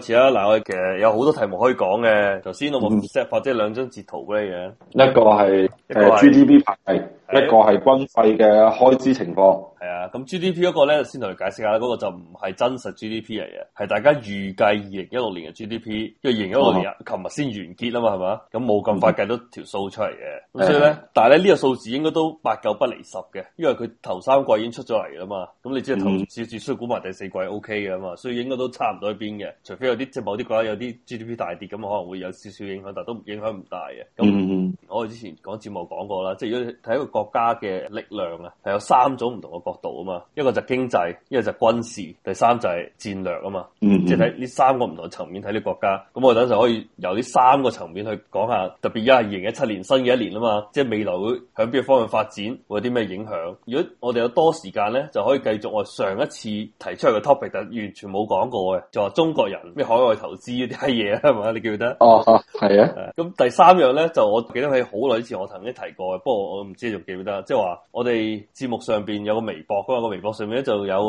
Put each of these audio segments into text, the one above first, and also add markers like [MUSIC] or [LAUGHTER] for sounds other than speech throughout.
似啦，嗱，我哋其實有好多題目可以講嘅。頭先我冇 set，、嗯、或者兩張截圖俾你嘅，一個係誒 GDP 排。一個係軍費嘅開支情況，係啊，咁 GDP 嗰個咧，先同你解釋下嗰、嗰個就唔係真實 GDP 嚟嘅，係大家預計二零一六年嘅 GDP，因為二零一六年，琴日先完結啦嘛，係嘛、嗯，咁冇咁快計到條數出嚟嘅。咁、嗯、所以咧，嗯、但係咧呢個數字應該都八九不離十嘅，因為佢頭三季已經出咗嚟啦嘛。咁你只要頭少少需要估埋第四季 OK 嘅嘛，所以應該都差唔多喺邊嘅。除非有啲即係某啲國家有啲 GDP 大跌，咁可能會有少少影響，但係都影響唔大嘅。嗯我哋之前講節目講過啦，即係如果睇一個國家嘅力量啊，係有三種唔同嘅角度啊嘛。一個就經濟，一個就軍事，第三就係戰略啊嘛。嗯、哼即係睇呢三個唔同嘅層面睇呢國家。咁我等陣可以由呢三個層面去講一下，特別而家二零一七年新嘅一年啊嘛，即係未來會向邊個方向發展，會有啲咩影響。如果我哋有多時間咧，就可以繼續我上一次提出嚟嘅 topic，但完全冇講過嘅，就話中國人咩海外投資啲閪嘢係咪？ [LAUGHS] 你記唔記得？哦哦，係啊。咁、啊、 [LAUGHS] [LAUGHS] 第三樣咧就我記得。好耐以前我曾經提過，不過我唔知你仲記唔記得，即係話我哋節目上邊有個微博，嗰個微博上面咧就有個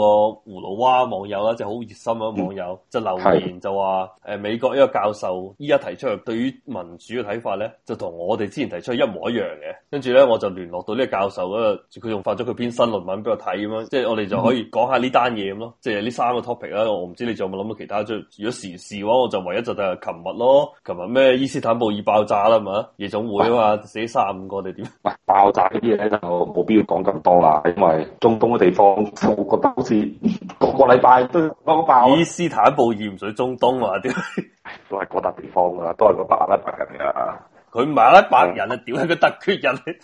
葫蘆娃網友啦，即係好熱心嘅網友、嗯、就留言就話，誒、呃、美國一個教授依家提出嚟對於民主嘅睇法咧，就同我哋之前提出一模一樣嘅，跟住咧我就聯絡到呢個教授嗰佢仲發咗佢篇新論文俾我睇咁樣，即、就、係、是、我哋就可以講下呢單嘢咁咯，即係呢三個 topic 啦，我唔知你仲有冇諗到其他，即、就、係、是、如果時事嘅話，我就唯一就就係琴日咯，琴日咩伊斯坦布爾爆炸啦，係嘛夜總會啊！死三五個你點？爆炸呢啲嘢咧，就冇必要講咁多啦。因為中東嘅地方，我覺得好似個個禮拜都都爆。伊斯坦布爾淹水，中東啊？點？都係嗰笪地方啦，都係嗰百萬一百人噶。佢唔係阿拉伯人啊，屌佢個突厥人，嚟。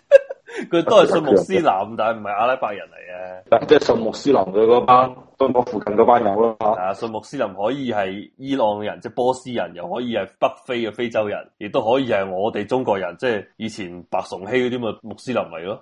佢都係信穆斯林，但係唔係阿拉伯人嚟嘅。即係信穆斯林嘅嗰班，都穆、嗯、附近嗰班人咯。吓、嗯，信穆斯林可以係伊朗人，即、就、係、是、波斯人，又可以係北非嘅非洲人，亦都可以係我哋中國人，即、就、係、是、以前白崇禧嗰啲咪穆斯林嚟咯。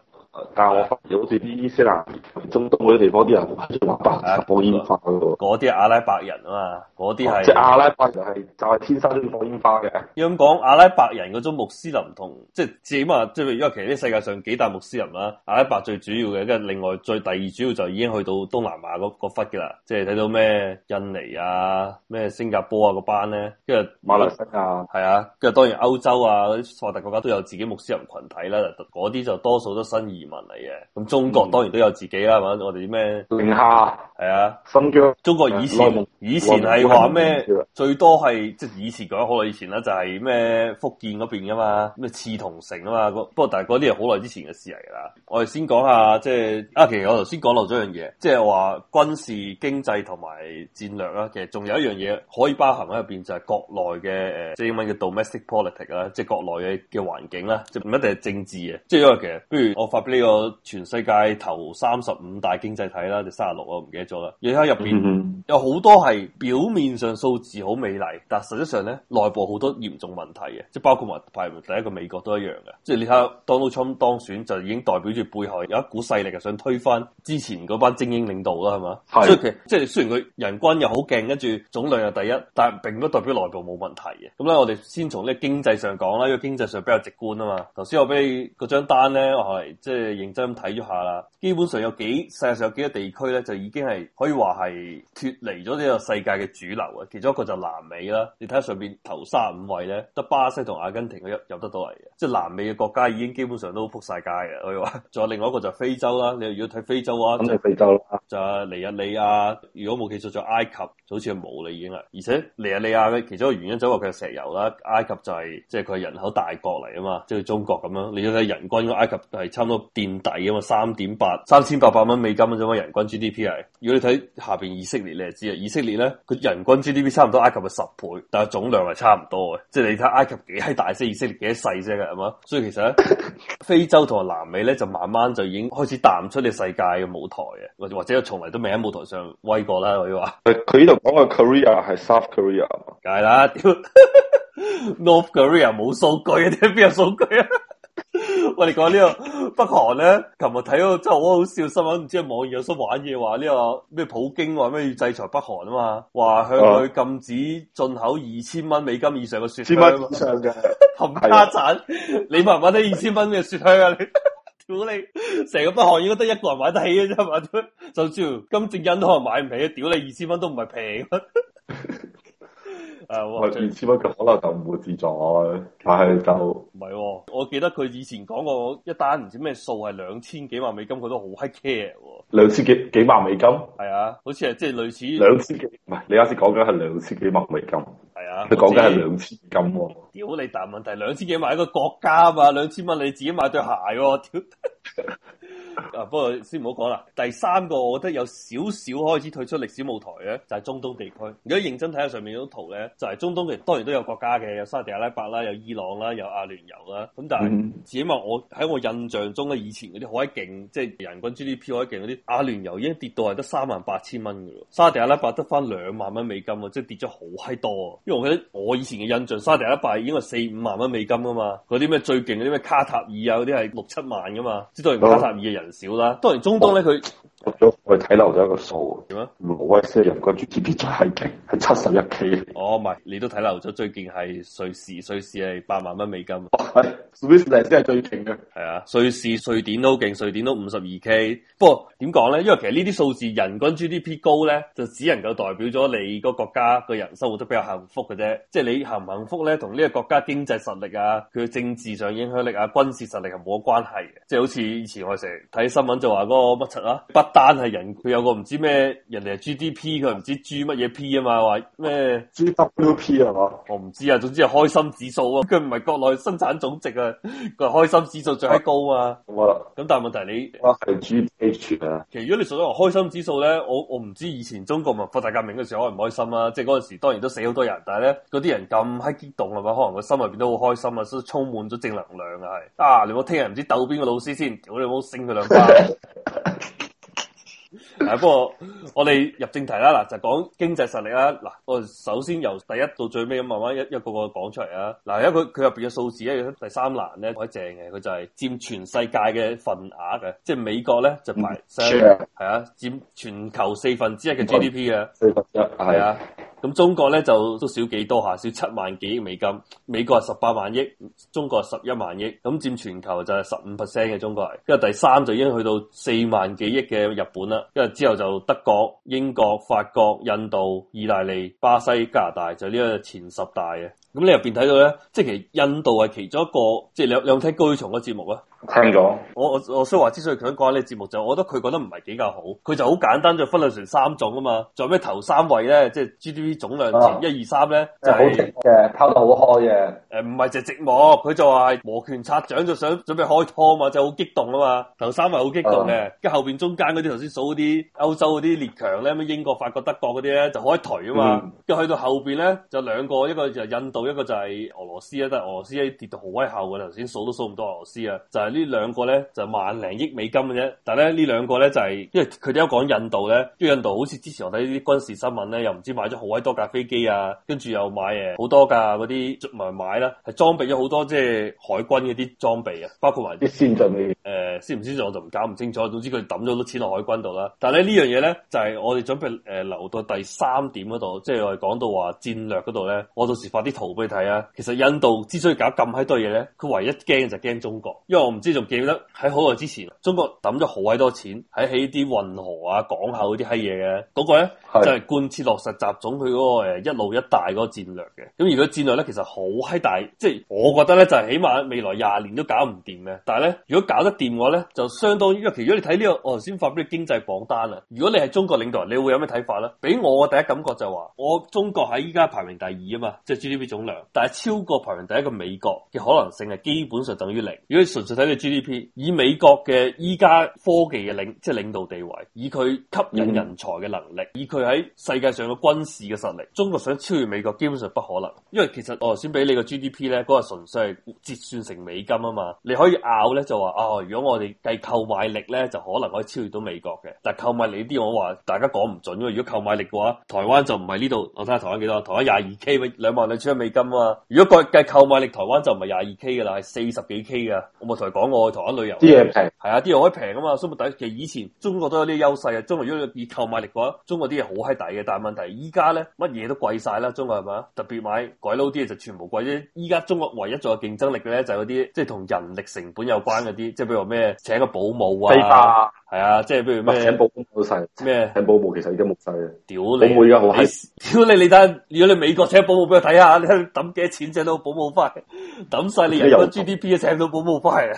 但係我反而好似啲伊斯蘭、中東嗰啲地方啲人，即係話八十朵煙花喎。嗰啲、啊、阿拉伯人啊嘛，嗰啲係即係阿拉伯人係就係、是、天生啲放煙花嘅。要咁講，阿拉伯人嗰種穆斯林同即係點話？即係如果其實啲世界上幾大穆斯林啦，阿拉伯最主要嘅，跟住另外最第二主要就已經去到東南亞嗰個忽嘅啦。即係睇到咩印尼啊、咩新加坡啊個班咧，跟住馬來西亞係啊，跟住當然歐洲啊啲發達國家都有自己穆斯林群體啦。嗰啲就多數都新意。移民嚟嘅，咁中國當然都有自己啦，係嘛、嗯？我哋啲咩寧夏係啊，新疆。中國以前下以前係話咩？下最多係即係以前講得好耐以前啦，就係咩福建嗰邊㗎嘛，咩刺桐城啊嘛。不過但係嗰啲係好耐之前嘅事嚟㗎啦。我哋先講下即係、就是、啊，其實我頭先講漏咗一樣嘢，即係話軍事經濟同埋戰略啦。其實仲有一樣嘢可以包含喺入邊，就係國內嘅誒，即係英文叫 domestic politics 啦，即係國內嘅嘅環境啦，即係唔一定係政治嘅。即係因為其實，okay，不如我發表。呢個全世界頭三十五大經濟體啦，就三十六啊，唔記得咗啦。你睇入邊有好多係表面上數字好美麗，但實質上咧內部好多嚴重問題嘅，即係包括埋排第一個美國都一樣嘅。即係你睇下 Donald Trump 當選就已經代表住背後有一股勢力就想推翻之前嗰班精英領導啦，係嘛？是的 所以即係雖然佢人均又好勁，跟住總量又第一，但係並不代表內部冇問題嘅。咁咧，我哋先從呢個經濟上講啦，因為經濟上比較直觀啊嘛。頭先我俾你嗰張單咧，係即係。即係認真咁睇咗下啦，基本上有幾世界上有幾個地區咧，就已經係可以話係脱離咗呢個世界嘅主流啊。其中一個就南美啦，你睇下上邊頭三五位咧，得巴西同阿根廷入入得到嚟嘅，即係南美嘅國家已經基本上都撲晒街嘅。我哋話仲有另外一個就非洲啦，你如果睇非洲啊，咁就非洲咯，就尼日利亞。如果冇記錯，就埃及就好似冇啦已經啦。而且尼日利亞嘅其中一個原因就係佢嘅石油啦，埃及就係、是、即係佢係人口大國嚟啊嘛，即係中國咁樣。你睇下人均埃及係差唔多。墊底啊嘛，三點八三千八百蚊美金啊，啫嘛，人均 GDP 係。如果你睇下邊以色列，你就知啊，以色列咧佢人均 GDP 差唔多埃及嘅十倍，但係總量係差唔多嘅，即係你睇埃及幾閪大先，以色列幾細啫，係嘛？所以其實咧， [LAUGHS] 非洲同埋南美咧就慢慢就已經開始淡出你世界嘅舞台嘅，或者或者從來都未喺舞台上威過啦。佢話，佢呢度講嘅 Korea 係 South Korea，梗係啦，North Korea 冇數據，邊有數據啊？ [LAUGHS] 我哋講呢個北韓咧，琴日睇到真係好好笑新聞，唔知係網友有心玩嘢話呢個咩普京話咩要制裁北韓啊嘛，話向佢禁止進口二千蚊美金以上嘅雪茄，千蚊以上嘅冚家產。你買唔買得二千蚊嘅雪茄啊？屌你的！成個北韓應該得一個人買得起嘅啫，萬都就算，金正恩都可能買唔起。屌你！二千蚊都唔係平。係，而、啊就是、千蚊咁可能就唔會自在，但係就唔係、啊。我記得佢以前講過一單唔知咩數，係兩千幾萬美金，佢都好閪 care。兩千幾幾萬美金？係啊，好似係即係類似。兩千幾？唔係，你啱先講緊係兩千幾萬美金。係啊，佢講緊係兩千金。屌你，大係問題，兩千幾萬一個國家啊嘛？兩千蚊你自己買對鞋、啊？ [LAUGHS] 啊！不過先唔好講啦。第三個我覺得有少少開始退出歷史舞台嘅，就係中東地區。如果認真睇下上面嗰張圖咧，就係中東其實當然都有國家嘅，有沙特阿拉伯啦，有伊朗啦，有阿聯酋啦。咁但係至起碼我喺我印象中咧，以前嗰啲好勁，即係人均 GDP 好勁嗰啲，阿聯酋已經跌到係得三萬八千蚊嘅咯，沙特阿拉伯得翻兩萬蚊美金，即係跌咗好閪多啊！因為我記得我以前嘅印象，沙特阿拉伯已經係四五萬蚊美金噶嘛，嗰啲咩最勁嗰啲咩卡塔爾啊，嗰啲係六七萬噶嘛。知道，加十二嘅人少啦。當然，中東咧佢。我哋睇漏咗一個數，點啊麼？挪威人均 GDP 最勁，係七十一 K。哦，唔係，你都睇漏咗。最近係瑞士，瑞士係八萬蚊美金。係瑞士係最勁嘅。係啊，瑞士、瑞典都好勁，瑞典都五十二 K。不過點講咧？因為其實呢啲數字人均 GDP 高咧，就只能夠代表咗你個國家個人生活都比較幸福嘅啫。即係你幸唔幸福咧，同呢個國家經濟實力啊、佢嘅政治上影響力啊、軍事實力係冇關係嘅。即係好似以前我成日睇新聞就話嗰個乜柒啊，不丹。真係人佢有個唔知咩人哋係 GDP，佢唔知 G 乜嘢 P 啊嘛？話咩 GWP 係嘛？我唔、哦、知啊，總之係開心指數啊。佢唔係國內生產總值啊，佢係開心指數最高、嗯、啊。咁但係問題你我係 G、D、H 啊。其實如果你想話開心指數咧，我我唔知以前中國咪文化大革命嗰時開唔開心啊？即係嗰陣時當然都死好多人，但係咧嗰啲人咁閪激動啊嘛，可能個心入邊都好開心啊，所以充滿咗正能量啊。係啊，你我聽日唔知鬥邊個老師先，我哋好升佢兩分。 [LAUGHS] 誒，不過我哋入正題啦，嗱，就講經濟實力啦。嗱，我首先由第一到最尾咁慢慢一一個個講出嚟啊。嗱，而家佢入邊嘅數字咧，第三欄咧，好正嘅，佢就係佔全世界嘅份額嘅，即係美國咧就排係啊，佔全球四分之一嘅 GDP 啊，四分之一係啊。咁中國咧就都少幾多吓，少七萬幾億美金。美國係十八萬億，中國係十一萬億，咁佔全球就係十五 percent 嘅中國係。跟住第三就已經去到四萬幾億嘅日本啦。跟住之後就德國、英國、法國、印度、意大利、巴西、加拿大就呢個前十大嘅。咁你入邊睇到咧，即係其實印度係其中一個，即係兩兩睇高爾嘅節目啊。聽咗，我我我所之所以想講呢個節目就，我覺得佢講得唔係比較好，佢就好簡單就分類成三種啊嘛。仲有咩頭三位咧，即、就、係、是、GDP 總量前一、啊、二三咧，即係拋得好開嘅。誒、呃，唔係就係寂寞，佢就話摩拳擦掌，就想準備開拖啊嘛，就好激動啊嘛。頭三位好激動嘅，跟、嗯、後邊中間嗰啲頭先數嗰啲歐洲嗰啲列強咧，咩英國、法國、德國嗰啲咧就開頹啊嘛。跟、嗯、去到後邊咧就兩個，一個就印度，一個就係俄羅斯啊。但係俄羅斯係跌到好威後嘅，頭先數都數唔到俄羅斯啊，就係、是。兩呢兩個咧就是、萬零億美金嘅啫，但咧呢兩個咧就係、是，因為佢哋都講印度咧，即、這、係、個、印度好似之前我睇啲軍事新聞咧，又唔知買咗好鬼多架飛機啊，跟住又買誒好多架嗰啲，唔係買啦，係裝備咗好多即係海軍嗰啲裝備啊，包括埋啲先進嘅誒，先唔先進我就唔搞唔清楚，總之佢抌咗好多錢落海軍度啦。但係咧呢樣嘢咧就係、是、我哋準備誒、呃、留到第三點嗰度，即係我哋講到話戰略嗰度咧，我到時發啲圖俾你睇啊。其實印度之所以搞咁閪多嘢咧，佢唯一驚就驚中國，因為我唔。即係仲記得喺好耐之前，中國抌咗好鬼多錢喺起啲運河啊、港口嗰啲閪嘢嘅，嗰、那個咧是就係貫徹落實習總佢嗰個一路一帶嗰個戰略嘅。咁而家戰略咧其實好閪大，即、就、係、是、我覺得咧就係、是、起碼未來廿年都搞唔掂嘅。但係咧，如果搞得掂嘅話咧，就相當於因為如果你睇呢、這個我頭先發俾你經濟榜單啦，如果你係中國領導人，你會有咩睇法咧？俾我嘅第一感覺就係話，我中國喺依家排名第二啊嘛，即、就、係、是、GDP 總量，但係超過排名第一嘅美國嘅可能性係基本上等於零。如果你純粹睇。GDP 以美國嘅依家科技嘅領即係領導地位，以佢吸引人才嘅能力，以佢喺世界上嘅軍事嘅實力，中國想超越美國基本上不可能，因為其實我頭先俾你個 GDP 咧嗰個純粹係折算成美金啊嘛。你可以拗咧就話哦，如果我哋計購買力咧，就可能可以超越到美國嘅。但係購買力呢啲我話大家講唔準啊。因為如果購買力嘅話，台灣就唔係呢度。我睇下台灣幾多，台灣廿二 K 咪兩萬兩千美金啊。如果計計購買力台灣，台灣就唔係廿二 K 噶啦，係四十幾 K 噶。我台。講我去台灣旅遊啲嘢平，係啊，啲嘢可以平噶嘛？所以咪抵。其實以前中國都有啲優勢啊。中國如果以購買力講，中國啲嘢好閪抵嘅。但係問題依家咧，乜嘢都貴晒啦。中國係咪啊？特別買鬼佬啲嘢就全部貴啫。依家中國唯一仲有競爭力嘅咧，就係嗰啲即係同人力成本有關嗰啲，即係譬如話咩請個保姆啊，係啊，即係譬如咩請保姆都細，咩麼請保姆其實已經冇晒啊。屌你！保姆好屌你！你睇如果你美國請保姆俾我睇下，你睇幾多錢請到保姆翻？抌晒你人個 GDP 請到保姆翻啊！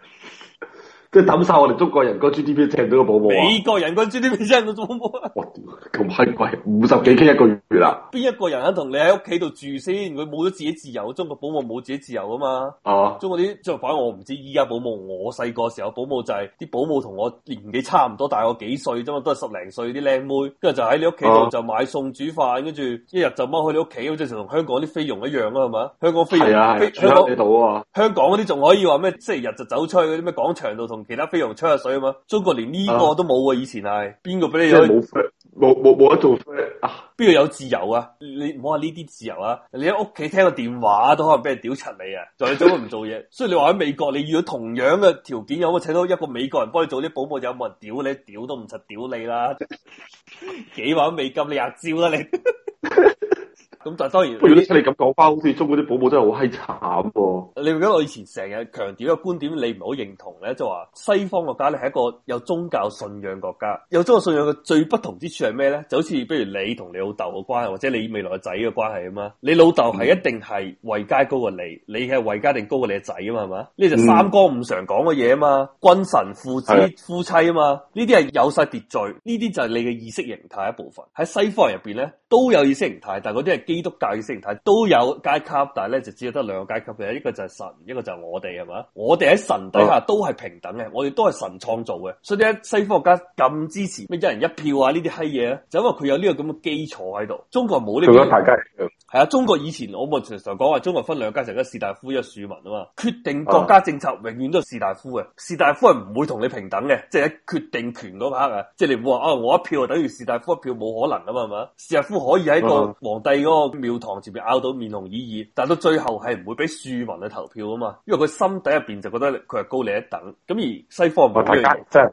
即係抌晒我哋中國人嗰 gdp，b 請到個保姆、啊，美國人嗰 gdp，b 請到個保姆、啊。我屌，咁閪貴，五十幾 K 一個月啦。邊一個人肯同你喺屋企度住先？佢冇咗自己自由，中國保姆冇自己自由啊嘛。啊，中國啲相反我，我唔知依家保姆。我細個時候保姆就係、係、啲保姆同我年紀差唔多大，大我幾歲啫嘛，都係十零歲啲靚妹，跟住就喺你屋企度就買餸、啊、煮飯，跟住一日就踎去你屋企，好似同香港啲菲傭一樣啦，係嘛？香港菲傭係啊，香到啊飛飛？香港嗰啲仲可以話咩？星期日就走出去啲咩廣場度同。同其他飛鴻吹下水啊嘛，中國連呢個都冇啊，以前係邊個俾你都，冇冇冇冇得做啊？邊度有自由啊？你唔好話呢啲自由啊！你喺屋企聽個電話都可能俾人屌柒你啊！仲你點解唔做嘢？ [LAUGHS] 所以你話喺美國，你遇到同樣嘅條件，有冇請到一個美國人幫你做啲保姆嘢？有冇人屌你？屌都唔實屌你啦！ [LAUGHS] 幾萬美金你入招啦你？ [LAUGHS] 咁但係當然，如果你咁講翻，好似中國啲寶寶真係好閪慘喎。你唔覺得我以前成日強調嘅觀點，你唔係好認同咧？就話西方國家咧係一個有宗教信仰國家，有宗教信仰嘅最不同之處係咩咧？就好似比如你同你老豆嘅關係，或者你未來嘅仔嘅關係啊嘛。你老豆係一定係位階高過你，你係位階定高過你嘅仔啊嘛？係嘛？呢就三綱五常講嘅嘢啊嘛，君臣父子、嗯、夫妻啊嘛，呢啲係有晒秩序，呢啲就係你嘅意識形態一部分。喺西方人入邊咧都有意識形態，但係嗰啲係。基督教嘅思想都有階級，但係咧就只有得兩個階級嘅，一個就係神，一個就係我哋，係嘛？我哋喺神底下都係平等嘅，嗯、我哋都係神創造嘅。所以咧，西方國家咁支持咩一人一票啊呢啲閪嘢啊，就因為佢有呢個咁嘅基礎喺度。中國冇呢個階級，係啊、這個，中國以前、嗯、我冇常常講話，中國分兩階層，就是、一係士大夫，一係庶民啊嘛。決定國家政策永遠都係士大夫嘅，嗯、士大夫係唔會同你平等嘅，即係喺決定權嗰刻啊，即、就、係、是、你唔會話啊，我一票就等於士大夫一票，冇可能啊嘛，係嘛？士大夫可以喺個皇帝個廟堂前面拗到面紅耳熱，但係到最後係唔會俾庶民去投票啊嘛，因為佢心底入邊就覺得佢係高你一等。咁而西方唔係真係，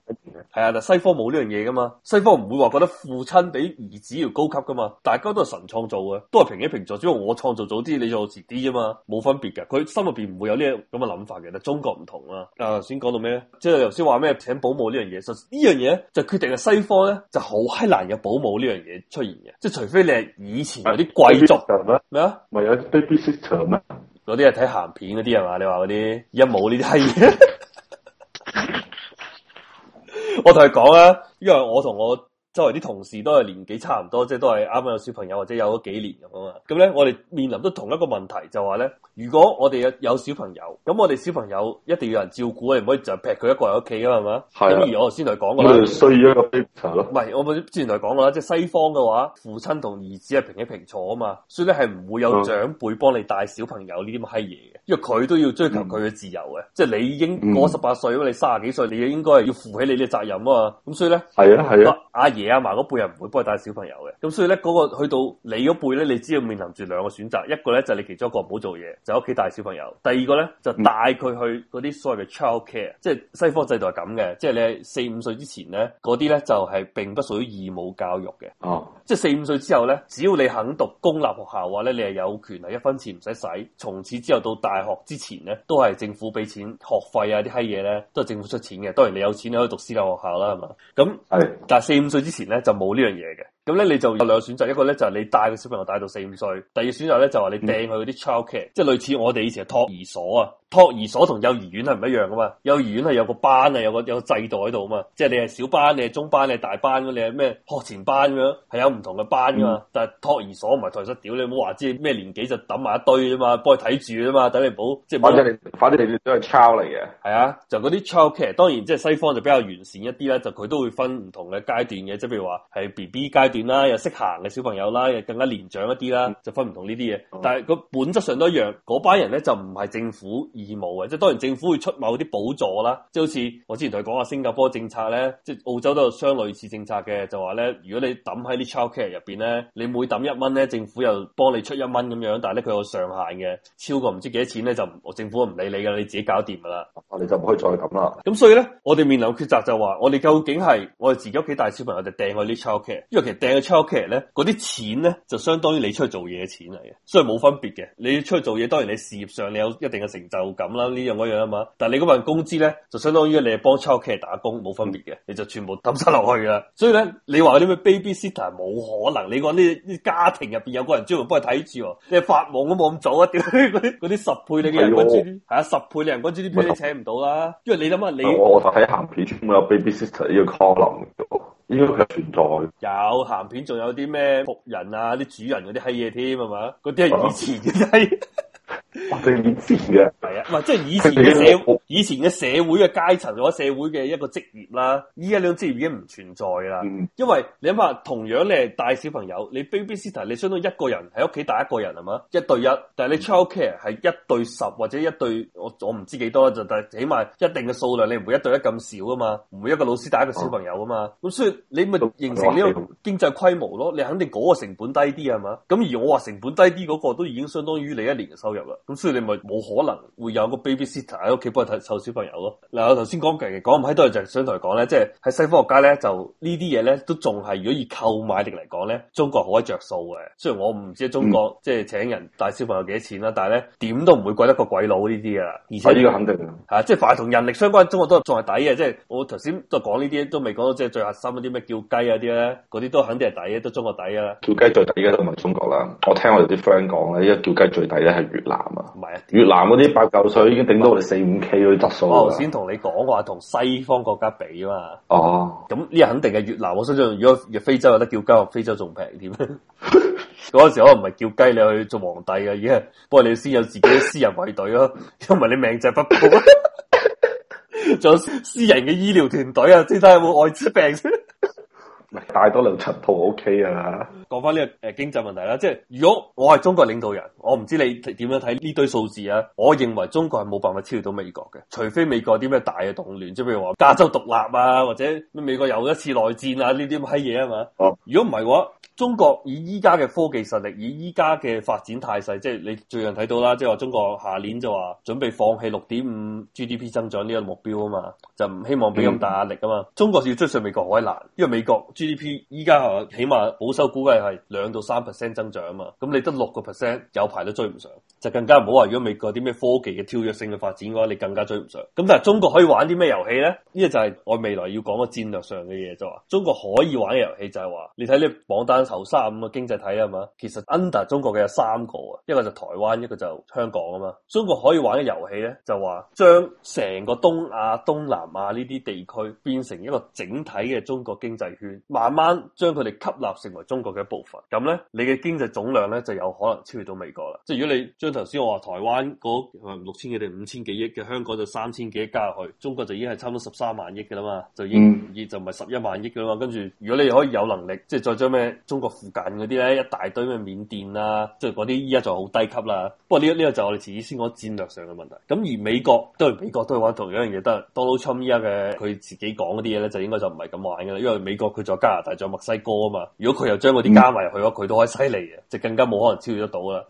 係啊，但、嗯、西方冇呢樣嘢噶嘛，西方唔會話覺得父親比兒子要高級噶嘛，大家都係神創造嘅，都係平起平坐，只不過我創造早啲，你就遲啲啫嘛，冇分別嘅。佢心入邊唔會有呢樣咁嘅諗法嘅。但中國唔同啦。啊，先講到咩即係頭先話咩，請保姆呢樣嘢，呢樣嘢就決定係西方咧就好閪難有保姆呢樣嘢出現嘅，即係除非你係以前有啲貴、嗯。作做咩？咩啊俗？咪有 baby sitter 咩？嗰啲係睇鹹片嗰啲係嘛？你話嗰啲一冇呢啲係嘢， [LAUGHS] 我同你講啊，因為我同我。周圍啲同事都係年紀差唔多，即係都係啱啱有小朋友或者有咗幾年咁啊。咁咧，我哋面臨都同一個問題，就話咧，如果我哋有有小朋友，咁我哋小朋友一定要有人照顧啊，唔可以就劈佢一個人屋企噶嘛，係嘛？咁而我哋先嚟講啦，咁啊需要一個 babysitter 唔係，我之前嚟講啦，啊、即係西方嘅話，父親同兒子係平起平坐啊嘛，所以咧係唔會有長輩幫，幫你帶小朋友呢啲咁嘅嘢嘅，因為佢都要追求佢嘅自由嘅，嗯、即係你已經過十八歲，咁、嗯、你卅幾歲，你應該係要負起你嘅責任啊嘛。咁所以咧係啊係啊，阿爺阿嫲嗰輩又唔會幫你帶小朋友嘅，咁所以咧嗰、那個去到你嗰輩咧，你只要面臨住兩個選擇，一個咧就是、你其中一個唔好做嘢，就喺屋企帶小朋友；第二個咧就帶佢去嗰啲所謂嘅 childcare，即係西方制度係咁嘅，即係你四五歲之前咧，嗰啲咧就係、是、並不屬於義務教育嘅。哦，uh. 即係四五歲之後咧，只要你肯讀公立學校嘅話咧，你係有權係一分錢唔使使，從此之後到大學之前咧，都係政府俾錢學費啊啲閪嘢咧，都係政府出錢嘅。當然你有錢你可以讀私立學校啦，係嘛？咁、uh. 但係四五歲。之前咧就冇呢樣嘢嘅。咁咧你就有兩個選擇，一個咧就係你帶個小朋友帶到四五歲，第二個選擇咧就話你掟佢嗰啲 childcare，即係類似我哋以前嘅託兒所啊。托兒所同幼兒園係唔一樣噶嘛？幼兒園係有個班啊，有個有個制度喺度啊嘛。即係你係小班，你係中班，你係大班，你係咩學前班咁樣，係有唔同嘅班噶嘛。嗯、但係托兒所唔係，台失屌你冇話知咩年紀就揼埋一堆啊嘛，幫佢睇住啊嘛，等你好，即係。反正你反正你都係 child 嚟嘅，係啊，就嗰啲 childcare 當然即係西方就比較完善一啲啦，就佢都會分唔同嘅階段嘅，即係譬如話係 BB 階段。啦，又識行嘅小朋友啦，又更加年長一啲啦，嗯、就分唔同呢啲嘢。嗯、但係佢本質上都一樣，嗰班人咧就唔係政府義務嘅，即係當然政府會出某啲補助啦，即係好似我之前同你講下新加坡政策咧，即係澳洲都有相類似政策嘅，就話咧，如果你抌喺啲 childcare 入邊咧，你每抌一蚊咧，政府又幫你出一蚊咁樣，但係咧佢有上限嘅，超過唔知幾多錢咧就，我政府唔理你嘅，你自己搞掂噶啦，你就唔可以再抌啦。咁所以咧，我哋面臨抉擇就話，我哋究竟係我哋自己屋企帶小朋友就掟去啲 childcare，因為其實個 care 咧，嗰啲錢咧就相當於你出去做嘢嘅錢嚟嘅，所以冇分別嘅。你出去做嘢，當然你事業上你有一定嘅成就感啦，呢樣嗰樣啊嘛。但係你嗰份工資咧，就相當於你係幫 care 打工，冇分別嘅，你就全部抌晒落去啦。所以咧，你話嗰啲咩 baby sitter 冇可能。你講啲家庭入邊有個人專門幫佢睇住，你係發夢都冇咁早啊！屌嗰啲嗰啲十倍你嘅人工資，係啊十倍你人工資，你請唔到啦。因為你諗下，我你我睇咸片，全有 baby sister 呢個 column [LAUGHS] 應該係存在，有鹹片，仲有啲咩僕人啊，啲主人嗰啲閪嘢添，係嘛？嗰啲係以前嘅閪，我哋面前嘅。 [LAUGHS] [LAUGHS] 唔即係以前嘅社，以前嘅社會嘅階層或者社會嘅一個職業啦。依家呢種職業已經唔存在啦。嗯、因為你諗下，同樣你係帶小朋友，你 baby sitter 你相當於一個人喺屋企帶一個人係嘛，一對一。但係你 child care 係一對十或者一對我我唔知幾多就但係起碼一定嘅數量，你唔會一對一咁少啊嘛，唔會一個老師帶一個小朋友啊嘛。咁、啊、所以你咪形成呢個、啊、經濟規模咯。你肯定嗰個成本低啲係嘛？咁而我話成本低啲嗰、嗰個嗰個都已經相當於你一年嘅收入啦。咁所以你咪冇可能會有個 baby sitter 喺屋企幫佢睇湊小朋友咯。嗱，我頭先講嘅講唔喺度，就上台講咧，即係喺西方國家咧，就呢啲嘢咧都仲係，如果以購買力嚟講咧，中國好鬼着數嘅。雖然我唔知中國即係請人帶小朋友幾多錢啦，但係咧點都唔會貴得過個鬼佬呢啲啊。而且呢個肯定嚇，即係凡係同人力相關，中國都仲係抵嘅。即係我頭先都講呢啲，都未講到即係最核心嗰啲咩叫雞啊啲咧，嗰啲都肯定係抵，都中國抵啊。叫雞最抵依家都唔係中國啦。我聽我哋啲 friend 講咧，因為叫雞最抵咧係越南啊，越南嗰啲八已經頂到我哋四五 K 嘅質素。我頭先同你講話，同西方國家比啊嘛。哦，咁呢個肯定係越南，我相信如果越非洲有得叫雞，非洲仲平添。嗰 [LAUGHS] 陣 [LAUGHS] 時可能唔係叫雞，你去做皇帝啊，而家。不過你先有自己嘅私人衛隊咯，因為你命質不保，啊。仲 [LAUGHS] 有私人嘅醫療團隊啊，先睇有冇艾滋病先。唔 [LAUGHS] 係多流七套 OK 啊！講翻呢個誒經濟問題啦，即係如果我係中國領導人，我唔知你點樣睇呢堆數字啊。我認為中國係冇辦法超越到美國嘅，除非美國有啲咩大嘅動亂，即係譬如話加州獨立啊，或者美國又一次內戰啊呢啲咁嘅嘢啊嘛。哦、啊，如果唔係嘅話，中國以依家嘅科技實力，以依家嘅發展態勢，即係你最近睇到啦，即係話中國下年就話準備放棄六點五 GDP 增長呢個目標啊嘛，就唔希望俾咁大壓力啊嘛。嗯、中國要追上美國好難，因為美國 GDP 依家起碼保守估計。係兩到三 percent 增長啊嘛，咁你得六個 percent，有排都追唔上，就更加唔好話。如果美國有啲咩科技嘅跳躍性嘅發展嘅話，你更加追唔上。咁但係中國可以玩啲咩遊戲咧？呢個就係我未來要講嘅戰略上嘅嘢就話，中國可以玩嘅遊戲就係話，你睇呢榜單頭三五個經濟體啊嘛，其實 under 中國嘅有三個啊，一個就台灣，一個就香港啊嘛。中國可以玩嘅遊戲咧，就話將成個東亞、東南亞呢啲地區變成一個整體嘅中國經濟圈，慢慢將佢哋吸納成為中國嘅。部分咁咧，你嘅經濟總量咧就有可能超越到美國啦。即係如果你將頭先我話台灣嗰六千幾定五千幾億嘅香港就三千幾億加落去，中國就已經係差唔多十三萬億嘅啦嘛，就已經就唔係十一萬億嘅啦嘛。跟住如果你可以有能力，即係再將咩中國附近嗰啲咧，一大堆咩緬甸啊，即係嗰啲依家就係好低級啦。不過呢、呢個呢、呢個就我哋自己先講戰略上嘅問題。咁而美國都係美國都係玩同樣一樣嘢，都 Donald Trump 依家嘅佢自己講嗰啲嘢咧，就應該就唔係咁玩嘅啦。因為美國佢仲有加拿大仲有墨西哥啊嘛，如果佢又將嗰啲。加埋佢咯，佢都可以犀利嘅，就 [MUSIC] 更加冇可能超越得到啦。